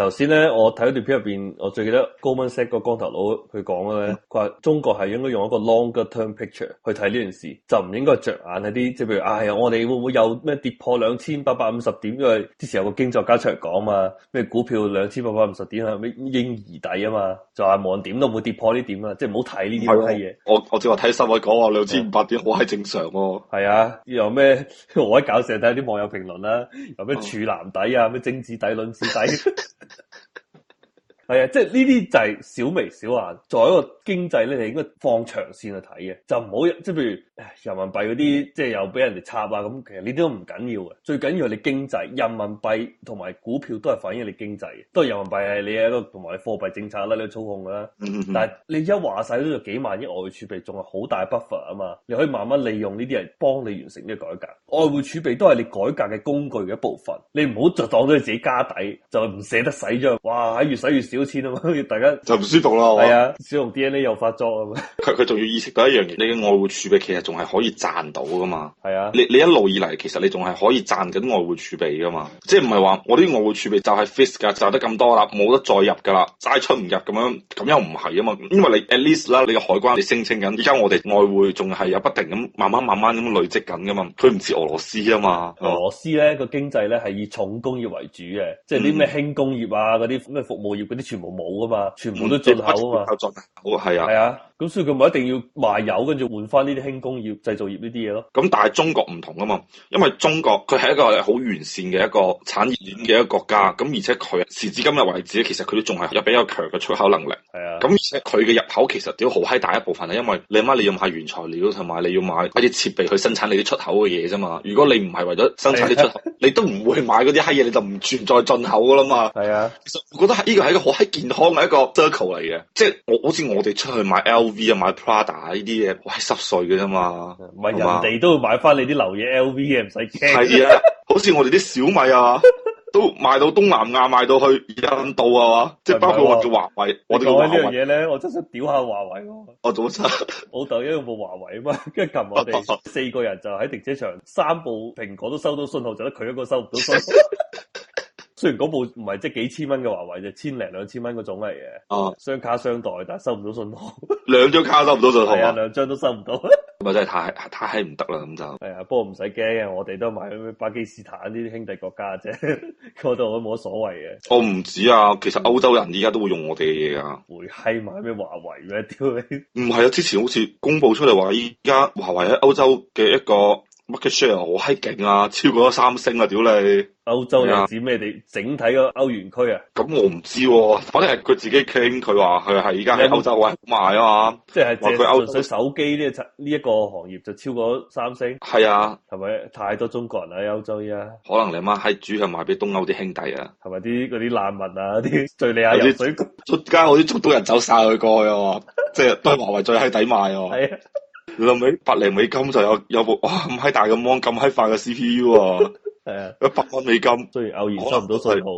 首先咧，我睇一段片入邊，我最記得高文 set 個光頭佬佢講咧，佢話、嗯、中國係應該用一個 longer term picture 去睇呢件事，就唔應該着眼喺啲即係譬如，啊，哎啊，我哋會唔會有咩跌破兩千八百五十點？因為之前有個經作家出嚟講嘛，咩股票兩千八百五十點係咩嬰兒底啊嘛，就話無論點都唔會跌破呢點啊，即係唔好睇呢啲嘢。我我正話睇新聞講話兩千五百點好係正常喎。係啊，又咩 我喺搞社睇下啲網友評論啦，又咩處男底啊，咩精子底、卵子底。 係啊，即係呢啲就係小眉小眼，作為一個經濟咧，你應該放長線去睇嘅，就唔好即係譬如人民幣嗰啲，即係又俾人哋插啊咁。其實呢啲都唔緊要嘅，最緊要你經濟。人民幣同埋股票都係反映你經濟，都係人民幣係你，你，你, 你一個同埋貨幣政策啦，你操控啦。但係你而家話晒都有幾萬億外匯儲備，仲係好大筆幅啊嘛，你可以慢慢利用呢啲嚟幫你完成呢個改革。外匯儲備都係你改革嘅工具嘅一部分，你唔好就當咗你自己家底，就唔捨得使咗。哇，越使越少。錢 啊大家就唔舒服啦，係啊，啊，小龍 DNA 又發作啊嘛。佢佢仲要意識到一樣嘢，你嘅外匯儲備其實仲係可以賺到噶嘛。係啊，你你一路以嚟其實你仲係可以賺緊外匯儲備噶嘛。即係唔係話我啲外匯儲備就係 fixed 噶，賺得咁多啦，冇得再入噶啦，齋出唔入咁樣，咁又唔係啊嘛。因為你 at least 啦，你嘅海關你聲稱緊，而家我哋外匯仲係有不停咁慢慢慢慢咁累積緊噶嘛。佢唔似俄羅斯啊嘛，俄羅斯咧、嗯、個經濟咧係以重工業為主嘅，即係啲咩輕工業啊嗰啲咩服務業嗰啲。全部冇噶嘛，全部都進口啊嘛，進、嗯、口狀態 好，係啊。咁所以佢咪一定要賣油，跟住換翻呢啲輕工業、製造業呢啲嘢咯。咁但係中國唔同啊嘛，因為中國佢係一個好完善嘅一個產業鏈嘅一個國家。咁而且佢時至今日為止其實佢都仲係有比較強嘅出口能力。係啊。咁而且佢嘅入口其實屌好閪大一部分係因為你阿媽，媽你用下原材料，同埋你要買一啲設備去生產你啲出口嘅嘢啫嘛。如果你唔係為咗生產啲出、啊，口，你都唔會買嗰啲閪嘢，你就唔存在進口㗎啦嘛。係啊。其實我覺得係呢個係一個好閪健康嘅一個 circle 嚟嘅，即係我好似我哋出去買 L。V 又買 Prada 呢啲嘢，我係濕碎嘅啫嘛，唔係人哋都會買翻你啲流嘢 LV 嘅，唔使驚。係啊，好似我哋啲小米啊， 都賣到東南亞，賣到去印度啊嘛， 即係包括我叫華為， 我哋叫華為。講緊呢樣嘢咧，我真想屌下華為咯。我早晨，老豆用部華為啊爸爸為華為嘛，跟住琴我哋四個人就喺停車場，三部蘋果都收到信號，就得佢一個收唔到信號。 雖然嗰部唔係即係幾千蚊嘅華為，就千零兩千蚊嗰種嚟嘅，雙卡雙待，啊，但係收唔到信號，兩張卡收唔到信號，係啊，兩張都收唔到，咁啊真係太太閪唔得啦，咁就係啊、哎，不過唔使驚啊，我哋都買咩巴基斯坦呢啲兄弟國家啫，嗰 度都冇乜所謂嘅。我唔、哦、止啊，其實歐洲人依家都會用我哋嘅嘢啊，會閪買咩華為咩？屌你！唔係啊，之前好似公布出嚟話依家華為喺歐洲嘅一個。乜嘅 share 好閪勁啊！超過咗三星啊！屌你，歐洲又指咩地？整體個歐元區啊？咁我唔知喎、啊，反正係佢自己傾，佢話佢係而家喺歐洲啊賣啊嘛，即係借佢歐元水手機呢、這個？呢、這、一個行業就超過三星。係啊，係咪太多中國人喺、啊、歐洲啊，可能你媽喺主要係賣俾東歐啲兄弟啊，係咪啲嗰啲難民啊？啲敘利亞人啊，流水出街，我啲足到人走晒佢過去啊嘛，即係 都係華為最閪抵賣啊！係啊。你諗起百零美金就有有部哇咁嗨大嘅芒咁嗨快嘅 CPU，啊，誒，一百蚊美金。雖然偶然收唔到信號，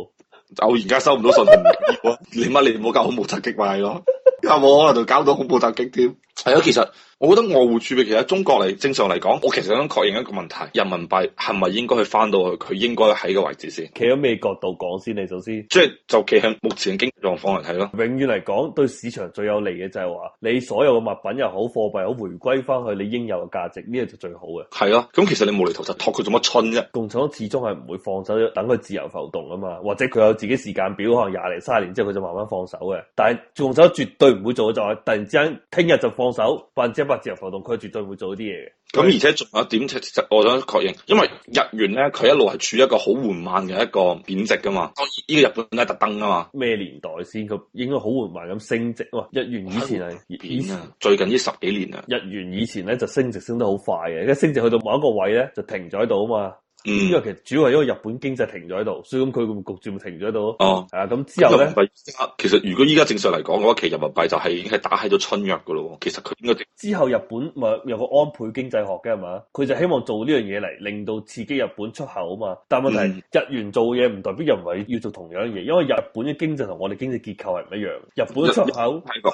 偶然間收唔到信號， 你乜你唔好搞恐怖襲擊嘛？咯，又冇可能就搞到恐怖襲擊添？係啊，其實我覺得外匯儲備其實中國嚟，正常嚟講，我其實想確認一個問題：人民幣係咪應該去翻到去佢應該喺嘅位置先？企喺咩角度講先，你首先？即係就企喺目前嘅經濟狀況嚟睇咯。永遠嚟講，對市場最有利嘅就係話，你所有嘅物品又好，貨幣好回歸翻去你應有嘅價值，呢個就最好嘅。係啊，咁其實你無厘頭就托佢做乜春啫？共產黨始終係唔會放手，等佢自由浮動啊嘛，或者佢有自己時間表，可能廿零卅年之後佢就慢慢放手嘅。但係動手絕對唔會做就突然之間聽日就放。手百分之一百自由浮動，佢絕對會做啲嘢嘅。咁、嗯、而且仲有一點，其實我想確認，因為日元咧，佢麼一路係處於一個好緩慢嘅一個貶值噶嘛。呢、這個日本咧特登噶嘛。咩年代先佢應該好緩慢咁升值？哇！日元以前係前最近呢十幾年啊。日元以前咧就升值升得好快嘅，一升值去到某一個位咧就停咗喺度啊嘛。呢個、嗯、其實主要係因為日本經濟停咗喺度，所以咁佢焗住咪停咗喺度。哦，係啊，咁、啊嗯、之後咧，其實如果依家正常嚟講，其實人民幣就係已經係打喺咗春藥噶咯。其實佢、就是、應該之後日本咪有個安倍經濟學嘅係嘛？佢就希望做呢樣嘢嚟令到刺激日本出口啊嘛。但係問題、嗯、日元做嘢唔代表人民幣要做同樣嘢，因為日本嘅經濟同我哋經濟結構係唔一樣。日本出口係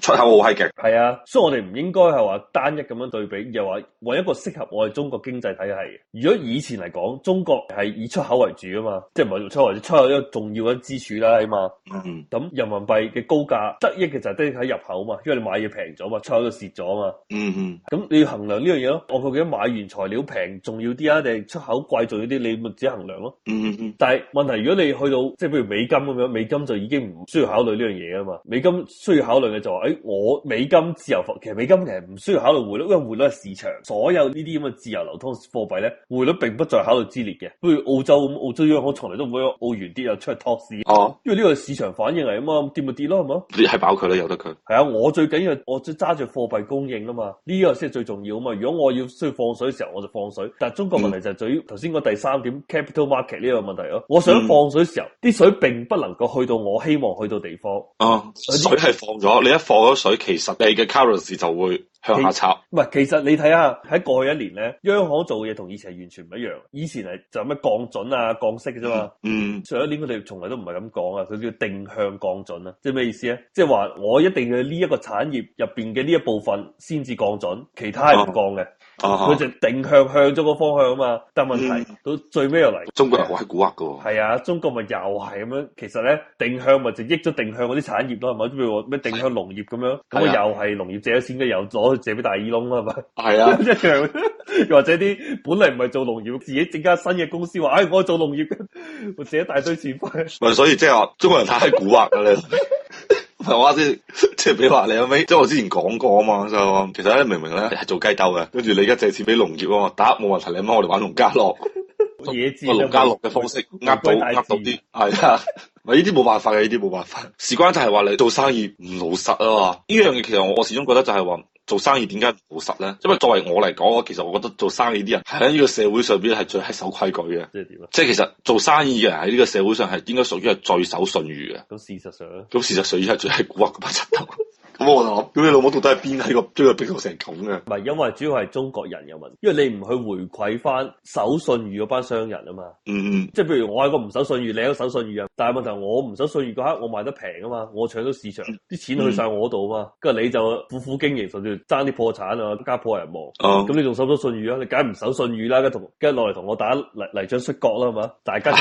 出口好 hi 極，係、嗯、啊，所以我哋唔應該係話單一咁樣對比，又話揾一個適合我哋中國經濟體系。如果以前講中國係以出口為主啊嘛，即係唔係做出口為主。出口一個重要嘅支柱啦，起碼。咁、mm hmm. 嗯、人民幣嘅高價得益嘅就係得益喺入口啊嘛，因為你買嘢平咗嘛，出口都蝕咗啊嘛。咁、mm hmm. 嗯、你要衡量呢樣嘢咯，我究竟買原材料平重要啲啊，定出口貴重要啲，你咪自己衡量咯。Mm hmm. 但係問題如果你去到即係譬如美金咁樣，美金就已經唔需要考慮呢樣嘢啊嘛，美金需要考慮嘅就係、是、誒、哎、我美金自由貨，其實美金其實唔需要考慮匯率，因為匯率係市場所有呢啲咁嘅自由流通貨幣咧，匯率並不在在考慮之列嘅，不如澳洲澳洲央行從嚟都唔會澳元跌又出去託市哦。啊、因為呢個市場反應嚟啊嘛，跌咪跌咯，係咪？你係飽佢啦，由得佢。係啊，我最緊要我揸住貨幣供應啦嘛，呢、這個先係最重要啊嘛。如果我要需要放水嘅時候，我就放水。但係中國問題就係最頭先個第三點，capital market 呢個問題咯。我想放水嘅時候，啲、嗯、水並不能夠去到我希望去到地方。哦、啊，以水係放咗，你一放咗水，其實你嘅 currency 就會向下插。唔係，其實你睇下喺過去一年咧，央行做嘅嘢同以前係完全唔一樣。以前係就咩降準啊降息嘅啫嘛，mm hmm. 上一年佢哋從來都唔係咁講啊，佢叫定向降準啊，即係咩意思咧？即係話我一定要呢一個產業入邊嘅呢一部分先至降準，其他係唔降嘅。Mm hmm. 佢、啊、就定向向咗個方向啊嘛，但問題到最尾又嚟，嗯啊、中國人好係蠱惑噶，係啊，中國咪又係咁樣，其實咧定向咪就益咗定向嗰啲產業咯，係咪？譬如話咩定向農業咁樣，咁是樣啊又係農業借咗錢咧，又攞去借俾大耳窿啦，係咪？係啊，一樣，或者啲本嚟唔係做農業，自己整間新嘅公司話，哎，我做農業， 我借一大堆錢翻嚟，咪 所以即係，中國人太蠱惑啦。 我話即係即係俾話你後屘，即係 我之前講過啊嘛，就其實咧明明咧係做雞斗嘅，跟住你而家借次俾農業喎，打冇問題，你阿我哋玩農家樂，野農 家樂嘅方式，壓 到壓到啲係啊，咪呢啲冇辦法嘅，呢啲冇辦法，事關就係話你做生意唔老實啊，嘛。呢樣嘢其實我始終覺得就係話。做生意點解老實呢？因為作為我嚟講，其實我覺得做生意啲人喺呢個社會上面係最係守規矩嘅。即係點咧？即係其實做生意嘅人喺呢個社會上係應該屬於係最守信譽嘅。咁事實上咧？咁事實上而家仲最古惑嘅八七頭。 咁我話，咁你老母到底係邊喺個追、這個邊度成窮嘅？唔係，因為主要係中國人有問題，因為你唔去回饋翻守信譽嗰班商人啊嘛。嗯嗯。即係譬如我係個唔守信譽，你係個守信譽啊。但係問題我唔守信譽嗰刻，我賣得平啊嘛，我搶到市場，啲、嗯、錢去晒我度啊嘛。跟住你就苦苦經營，甚至爭啲破產啊，家破人亡。哦、嗯。咁你仲守唔守信譽啊？你梗係唔守信譽啦。跟住同跟住落嚟同我打嚟泥漿摔角啦，係嘛？大家。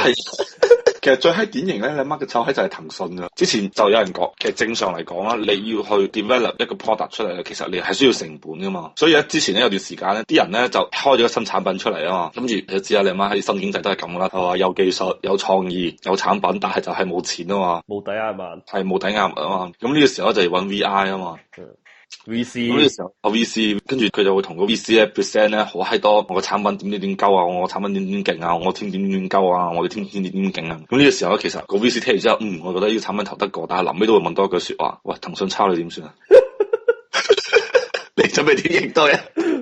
其實最閪典型咧，你媽嘅丑喺就係騰訊噶。之前就有人講，其實正常嚟講啦，你要去 develop 一個 product 出嚟咧，其實你係需要成本噶嘛。所以咧，之前咧有段時間咧，啲人咧就開咗個新產品出嚟啊嘛。跟住你知啊，你媽喺新經濟都係咁啦。我話有技術、有創意、有產品，但係就係冇錢啊嘛。冇抵押物，係冇抵押物啊嘛。咁呢個時候就係揾 V I 啊嘛。嗯 V C 呢個時候，我 V C 跟住佢就會同個 V C 咧 percent 咧，好閪多。我個產品點點點鳩啊，我個產品點點勁啊，我天點點鳩啊，我哋天點點勁啊。咁呢個時候其實個 V C 聽完之後，嗯，我覺得呢個產品投得過，但係臨尾都會問多一句說話，喂，騰訊抄你點算啊？ 準備點應對？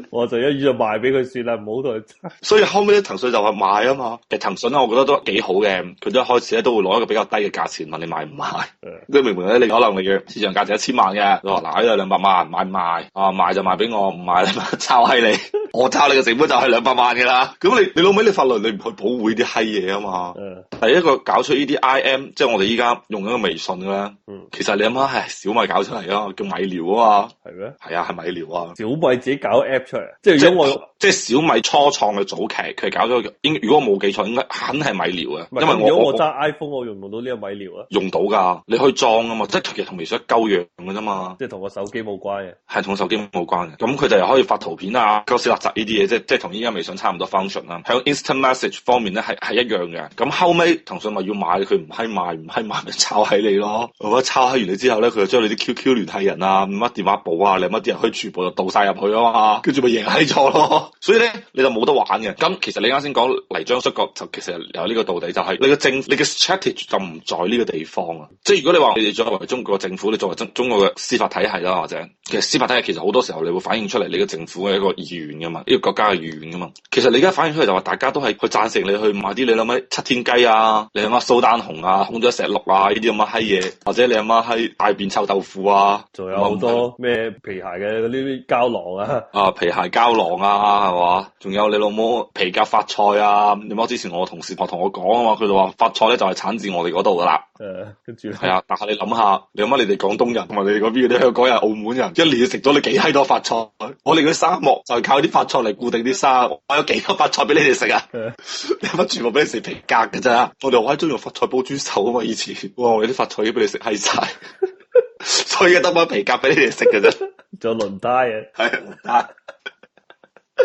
我就一於就賣俾佢算啦，唔好同佢爭。所以後尾騰訊就話賣啊嘛。其實騰訊咧，我覺得都幾好嘅。佢都一開始咧都會攞一個比較低嘅價錢問你買唔買。嗯、你明唔明咧？你可能你嘅市場價值一千萬嘅，我話嗱呢度兩百萬，買唔買？啊，賣就賣俾我，唔買就抄係你。我抄你嘅成本就係兩百萬嘅啦。咁你你老尾你法律你唔去保護啲閪嘢啊嘛。嗯、第一個搞出呢啲 I M，即係我哋依家用緊個微信咧。其實你諗下，係小米搞出嚟咯，叫米聊啊嘛。係咩 嗎？係啊，係米聊啊。小米自己搞 app 出嚟，即係即我如果我即係小米初創嘅早期，佢搞咗應如果我冇記錯，應該肯係米聊啊。因為如果我揸 iPhone，我用唔到呢個米聊啊？用到噶，你可以裝啊嘛，即係其實同微信一鳩樣嘅啫嘛。即係同個手機冇關嘅，係同手機冇關嘅。咁、嗯、佢就又可以發圖片啊、鳩屎垃圾呢啲嘢啫，即係同依家微信差唔多 function 啦、啊。喺 Instant Message 方面咧係係一樣嘅。咁、嗯、後尾騰訊咪要買，佢唔係賣，唔係賣，咪抄喺你咯。如果抄喺完你之後咧，佢就將你啲 QQ 聯繫人啊、乜電話簿啊、你乜啲人可以全部。倒晒入去啊嘛，跟住咪贏喺錯咯， 所以咧你就冇得玩嘅。咁其實你啱先講黎章叔講就其實有呢個道理，就係、是、你嘅政，你嘅 strategy 就唔在呢個地方啊。即係如果你話你哋作為中國政府，你作為中中國嘅司法體系啦，或者其實司法體系其實好多時候你會反映出嚟你嘅政府嘅一個意願噶嘛，呢個國家嘅意願噶嘛。其實你而家反映出嚟就話大家都係去贊成你去買啲你諗乜七天雞啊，你諗乜蘇丹紅啊，空咗石綠啊呢啲咁嘅閪嘢，或者你阿媽閪大便臭豆腐啊，仲有好多咩皮鞋嘅嗰啲。膠囊啊！啊，皮鞋膠囊啊，係嘛？仲有你老母皮革發菜啊！你乜之前我同事咪同我講啊嘛？佢就話發菜咧就係產自我哋嗰度噶啦。誒、嗯，跟住係啊，但係你諗下，你乜你哋廣東人同埋你哋嗰邊嘅啲香港人、的澳門人，一年要食咗你幾閪多發菜？我哋嘅沙漠就係靠啲發菜嚟固定啲沙。我有幾多發菜俾你哋食啊？的 你乜全部俾你食皮革嘅咋？我哋好閪中意用發菜煲豬手啊嘛！以前哇，我啲發菜都俾你食閪晒。 所以得把皮夾俾你哋食嘅啫，做輪胎啊，係輪胎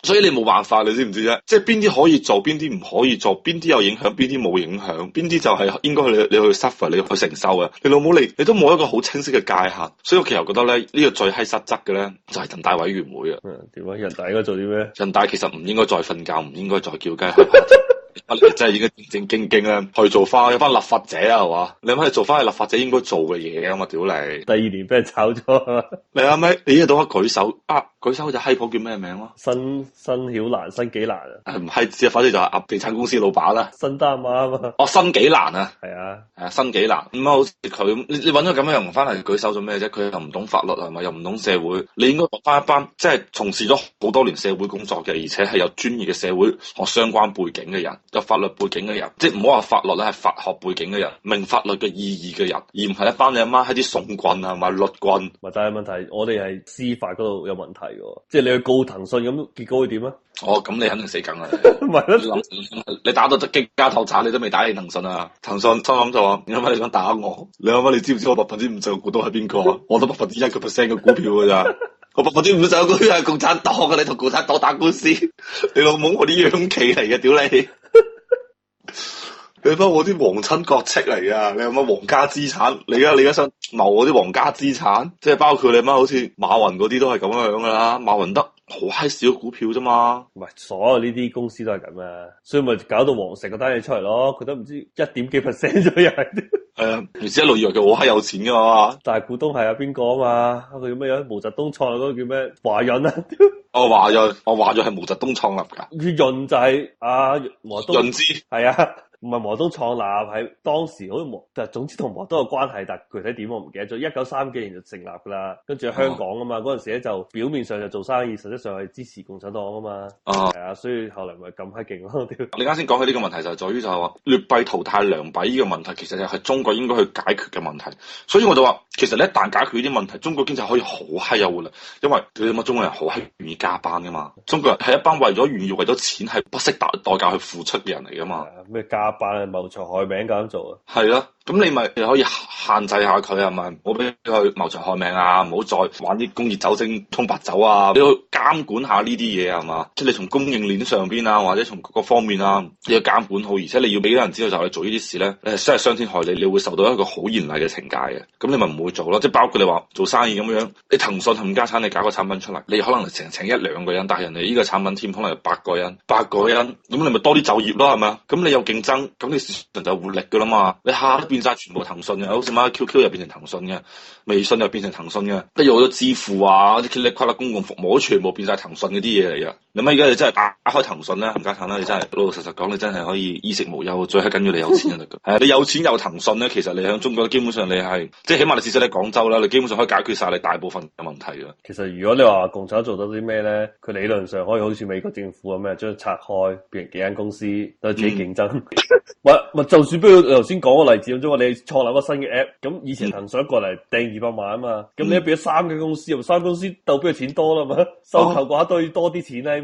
所以你冇辦法，你知唔知啫？即係邊啲可以做，邊啲唔可以做，邊啲有影響，邊啲冇影響，邊啲就係應該你你去 suffer，你要去承受嘅。你老母嚟，你都冇一個好清晰嘅界限。所以我其實覺得咧，呢、這個最閪失責嘅咧，就係、是、人大委員會啊。點啊？人大應該做啲咩？人大其實唔應該再瞓覺，唔應該再叫雞。 真係應該正正經經去做翻一班立法者啊，係嘛？你咪做翻立法者應該做嘅嘢啊，我屌你！第二年俾人炒咗，你阿媽，你一刀一舉手啊！舉手嗰隻 h i 叫咩名咯？新新曉蘭、申紀蘭啊，唔係，只反正就係地產公司老闆啦。新丹啊嘛，哦，申紀蘭啊，係啊，係啊，申紀蘭咁啊，好似佢，你你揾個咁樣樣翻嚟舉手做咩啫？佢又唔懂法律係咪？又唔懂社會？你應該學翻一班，即係從事咗好多年社會工作嘅，而且係有專業嘅社會學相關背景嘅人，有法律背景嘅人，即係唔好話法律咧係法學背景嘅人，明法律嘅意義嘅人，而唔係一班你阿媽喺啲訟棍啊，或者律棍。但係問題，我哋係司法嗰度有問題。即係你去告騰訊咁，結果會點啊？哦，咁你肯定死梗啦！唔係咯，你打到傾家蕩產，你都未打贏騰訊啊？騰訊心諗就話：你諗下你想打我？你諗下你知唔知我百分之五十嘅股東係邊個？我得百分之一嘅 percent 嘅股票噶咋？我百分之五十股票係共產黨嘅，你同共產黨打官司，你老母我啲央企嚟嘅，屌你！ 你返我啲皇親國戚嚟啊！你有乜皇家資產？你而家你而家想謀我啲皇家資產，即係包括你阿媽好似馬雲嗰啲都係咁樣噶啦。馬雲得好閪少股票啫嘛，唔係所有呢啲公司都係咁啊，所以咪搞到黃成個單嘢出嚟咯。佢都唔知一點幾 percent 咗又係，係啊， 平時一路以為佢好閪有錢噶嘛。 大股東係阿邊個啊嘛？佢咩嘢？毛澤東創立嗰個叫咩華潤啊？哦，華潤，我華潤係毛澤東創立噶。潤就係阿毛潤之，係啊。資是的 唔係毛澤東創立，喺當時好似毛，但係總之同毛澤東有關係，但係具體點我唔記得咗。一九三幾年就成立噶啦，跟住香港啊嘛，嗰陣、啊、時咧就表面上就做生意，實質上係支持共產黨啊嘛。哦，係啊，所以後嚟，咪咁閪勁咯。啊、 你啱先講起呢個問題、就是，就係在於就係話劣幣淘汰良幣呢個問題，其實就係中國應該去解決嘅問題。所以我就話，其實你一旦解決呢啲問題，中國經濟可以好嗨啊！因為佢諗中國人好閪願意加班噶嘛，中國人係一班為咗願意為咗錢係不惜代代價去付出嘅人嚟噶嘛。咩白扮謀財害命咁做啊？係咯，咁你咪可以限制下佢啊咪？唔好俾佢謀財害命啊，唔好再玩啲工業酒精通白酒啊，你要監管下呢啲嘢係嘛？即係、就是、你從供應鏈上邊啊，或者從各個方面啊，你要監管好，而且你要俾啲人知道就去做呢啲事咧，誒真係傷天害理，你會受到一個好嚴厲嘅懲戒嘅，咁你咪唔會做咯，即係包括你話做生意咁樣，你騰訊同家產你搞個產品出嚟，你可能成請一兩個人，但係人哋呢個產品添可能係八個人，八個人，咁你咪多啲就業咯係嘛？咁你有競爭。咁你人就係活力噶啦嘛，你下下都變晒全部騰訊嘅，好似乜 QQ 又變成騰訊嘅，微信又變成騰訊嘅，跟住好多支付啊，啲噼里啪啦，公共服務全部變晒騰訊啲嘢嚟啊！咁而家你真係打開騰訊啦，冚家鏟啦。你真係老老實實講，你真係可以衣食無憂。最緊要你有錢就得㗎。係啊， 你有錢有騰訊咧，其實你喺中國基本上你係即係起碼你至少喺廣州啦，你基本上可以解決晒你大部分嘅問題㗎。其實如果你話共產黨做到啲咩咧，佢理論上可以好似美國政府咁樣，將佢拆開變成幾間公司，都係自己競爭。唔唔、嗯， 就算不如頭先講個例子咁，即係話你，你創立個新嘅 app，咁以前騰訊過嚟掟二百萬啊嘛，咁你一變咗三間公司，三、嗯、公司鬥邊個錢多啦嘛？收購嘅話都要多啲錢啊。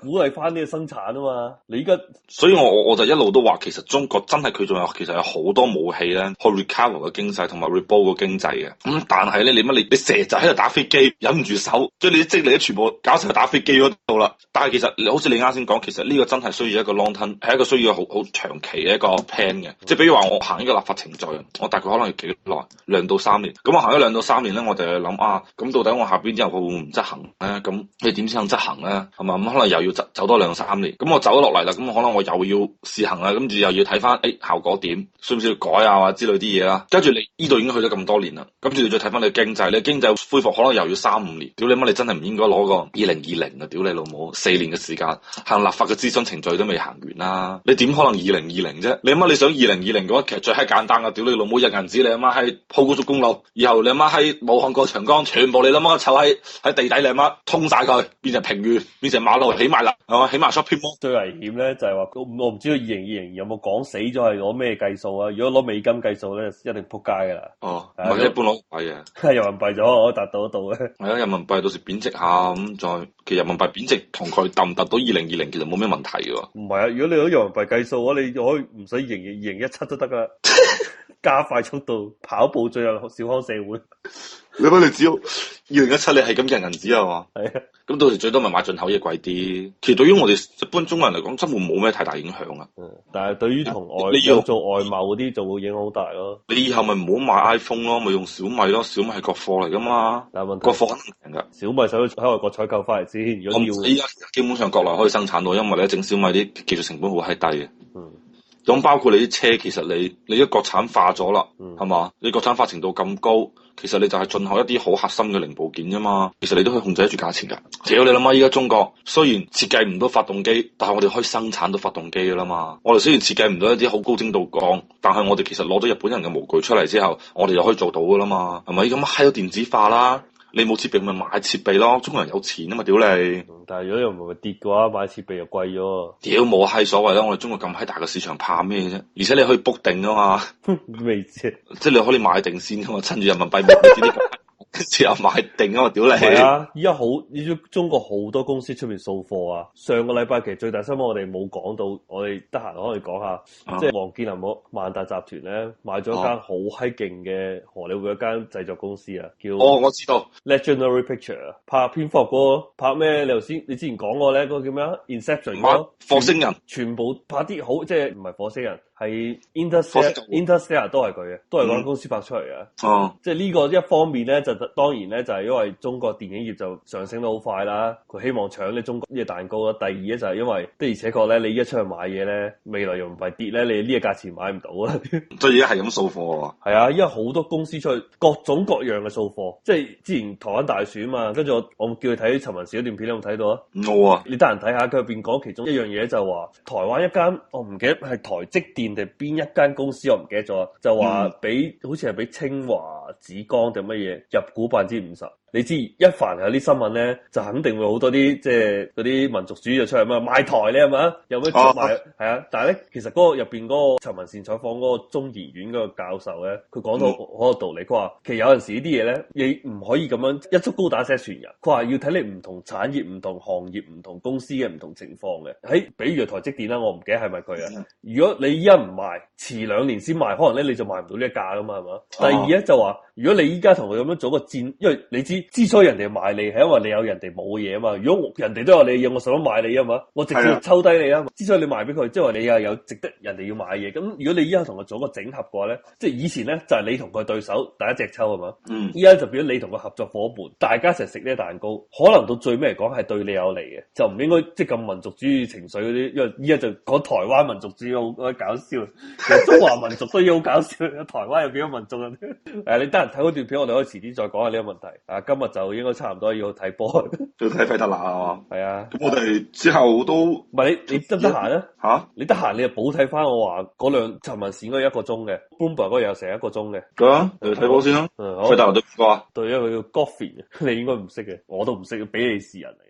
鼓勵翻呢個生產啊嘛！你而家，所以我我我就一路都話，其實中國真係佢仲有，其實有好多武器咧，去 recover 個經濟，同埋 rebuild 個經濟嘅。咁、嗯、但係咧，你乜你你成日就喺度打飛機，忍唔住手，將你啲精力全部搞成打飛機嗰度啦。但係其實，好似你啱先講，其實呢個真係需要一個 long term，係一個需要好好長期嘅一個 plan 嘅。即係比如話，我行呢個立法程序，我大概可能要幾耐？兩到三年。咁我行咗兩到三年咧，我哋去諗啊，咁到底我下邊之後會唔執行咧？咁你點先肯執行咧？係嘛？咁可能又要走走多兩三年，咁我走咗落嚟啦，咁可能我又要試行啦，跟住又要睇翻，誒效果點，需唔需要改啊，之類啲嘢啦，跟住你呢度已經去咗咁多年啦，跟住你再睇翻你經濟，你經濟恢復可能又要三五年，屌你媽，你真係唔應該攞個二零二零啊！屌你老母，四年嘅時間行立法嘅諮詢程序都未行完啦，你點可能二零二零啫？你媽你想二零二零嘅話，其實最閪簡單噶，屌你老母日銀紙，你媽閪鋪高速公路，然後你媽喺武漢過長江，全部你諗下個臭閪喺地底，你媽通晒佢，變成平原，變成。馬路起埋啦，係嘛？起埋咗 shopping，最危險咧就係、是、話，我唔知道二零二零有冇講死咗係攞咩計數啊？如果攞美金計數咧，一定扑街噶啦。哦，或者般攞，係啊，人民幣咗，可以達到一度咧。係啊，人民幣到時貶值下咁，再其實人民幣貶值，同佢揼唔揼到二零二零，其實冇咩問題噶。唔係啊，如果你攞人民幣計數，你就可以唔使二零二零一七都得噶。 加快速度跑步進入小康社會。你睇下，你只要二零一七，你係咁嘅銀紙係嘛？係啊。咁到時最多咪買進口嘢貴啲。其實對於我哋一般中國人嚟講，真會冇咩太大影響啊。嗯。但係對於同外你做外貿嗰啲，就會影響好大咯。你以後咪唔好買 iPhone 咯，咪用小米咯。小米係國貨嚟噶嘛？但係問題國貨肯定平噶。小米使唔使喺外國採購翻嚟先？如果要依家基本上國內可以生產到，因為咧整小米啲技術成本好閪低嘅。嗯。咁包括你啲車，其實你你一國產化咗啦，係嘛、嗯？你國產化程度咁高，其實你就係進口一啲好核心嘅零部件啫嘛。其實你都可以控制得住價錢㗎。屌、嗯、你諗下，依家中國雖然設計唔到發動機，但係我哋可以生產到發動機㗎啦嘛。我哋雖然設計唔到一啲好高精度鋼，但係我哋其實攞咗日本人嘅模具出嚟之後，我哋就可以做到㗎啦嘛。係咪咁閪咗電子化啦？你冇設備咪買設備咯，中國人有錢啊嘛，屌你！嗯、但係如果又唔會跌嘅話，買設備又貴咗。屌冇閪所謂啦，我哋中國咁閪大嘅市場怕咩啫？而且你可以 book 定啊嘛， 未設 知， 即係你可以買定先啊嘛，趁住人民幣唔跌。 只有 買定 啊！我屌你，係啊！依家好，你中國好多公司出面掃貨啊！上個禮拜其實最大新聞我哋冇講到，我哋得閒可以講下，啊、即係王健林嗰萬達集團咧買咗一間好嗨勁嘅荷里活一間製作公司啊！叫哦我知道 Legendary Picture 啊、那個，拍蝙蝠嗰拍咩？你頭先你之前講過咧，嗰叫咩啊？Inception 火、那、星、個、人全部拍啲好，即係唔係火星人。係 Interstellar Inter 都係佢嘅，都係嗰間公司拍出嚟嘅。哦、嗯，即係呢個一方面咧，就當然咧，就係、是、因為中國電影業就上升得好快啦，佢希望搶啲中國啲嘢蛋糕啦。第二咧就係因為的而且確咧，你依家出去買嘢咧，未來又唔係跌咧，你呢個價錢買唔到、嗯、啊。即係而家係咁掃貨啊。係啊，因為好多公司出去各種各樣嘅掃貨。即係之前台灣大選嘛，跟住我我叫佢睇陳文小一段片，你有冇睇到、嗯、啊？冇啊。你得閒睇下，佢入邊講其中一樣嘢就話、是、台灣一間，我唔記得係台積電。邊一間公司我唔記得咗，就話俾、嗯、好似係俾清華紫光定乜嘢入股百分之五十。你知一凡有啲新聞咧，就肯定會好多啲即係嗰啲民族主義就出嚟咩賣台咧係嘛？有咩做賣係啊？但係咧，其實嗰個入邊嗰個陳文善採訪嗰個中研院嗰個教授咧，佢講到好有道理。佢話、嗯、其實有陣時呢啲嘢咧，你唔可以咁樣一竹篙打一船人。佢話要睇你唔同產業、唔同行業、唔同公司嘅唔同情況嘅。喺、欸、比如台積電啦，我唔記得係咪佢啊。如果你依家唔賣，遲兩年先賣，可能咧你就賣唔到呢一價㗎嘛係嘛？啊、第二咧就話，如果你依家同佢咁樣做個戰，因為你知。之所以人哋買你，係因為你有人哋冇嘅嘢啊嘛。如果人哋都有你嘅嘢，我想買你啊嘛，我直接抽低你啊嘛。 之所以你賣俾佢，即係話你又有，有值得人哋要買嘢。咁如果你依家同佢做一個整合嘅話咧，即係以前咧就係你同佢對手第一隻抽係嘛，嗯，依家就變咗你同個合作伙伴，大家一齊食呢個蛋糕。可能到最尾嚟講係對你有利嘅，就唔應該即係咁民族主義情緒嗰啲。因為依家就講台灣民族主義好搞笑，中華民族都要好搞笑。台灣有幾多民族 啊？誒，你得閒睇嗰段片，我哋可以遲啲再講下呢個問題啊。今日就應該差唔多要睇波， 要睇費德拿係嘛？係 啊，咁我哋之後都唔係你，你得唔得閒啊？嚇，你得閒你就補睇翻我話嗰兩尋日閃咗一個鐘嘅，boomber 嗰日又成一個鐘嘅。咁你睇波先啦。費德拿對邊個啊？對，因為叫 Goffin，你應該唔識嘅。我都唔識，比利時人嚟。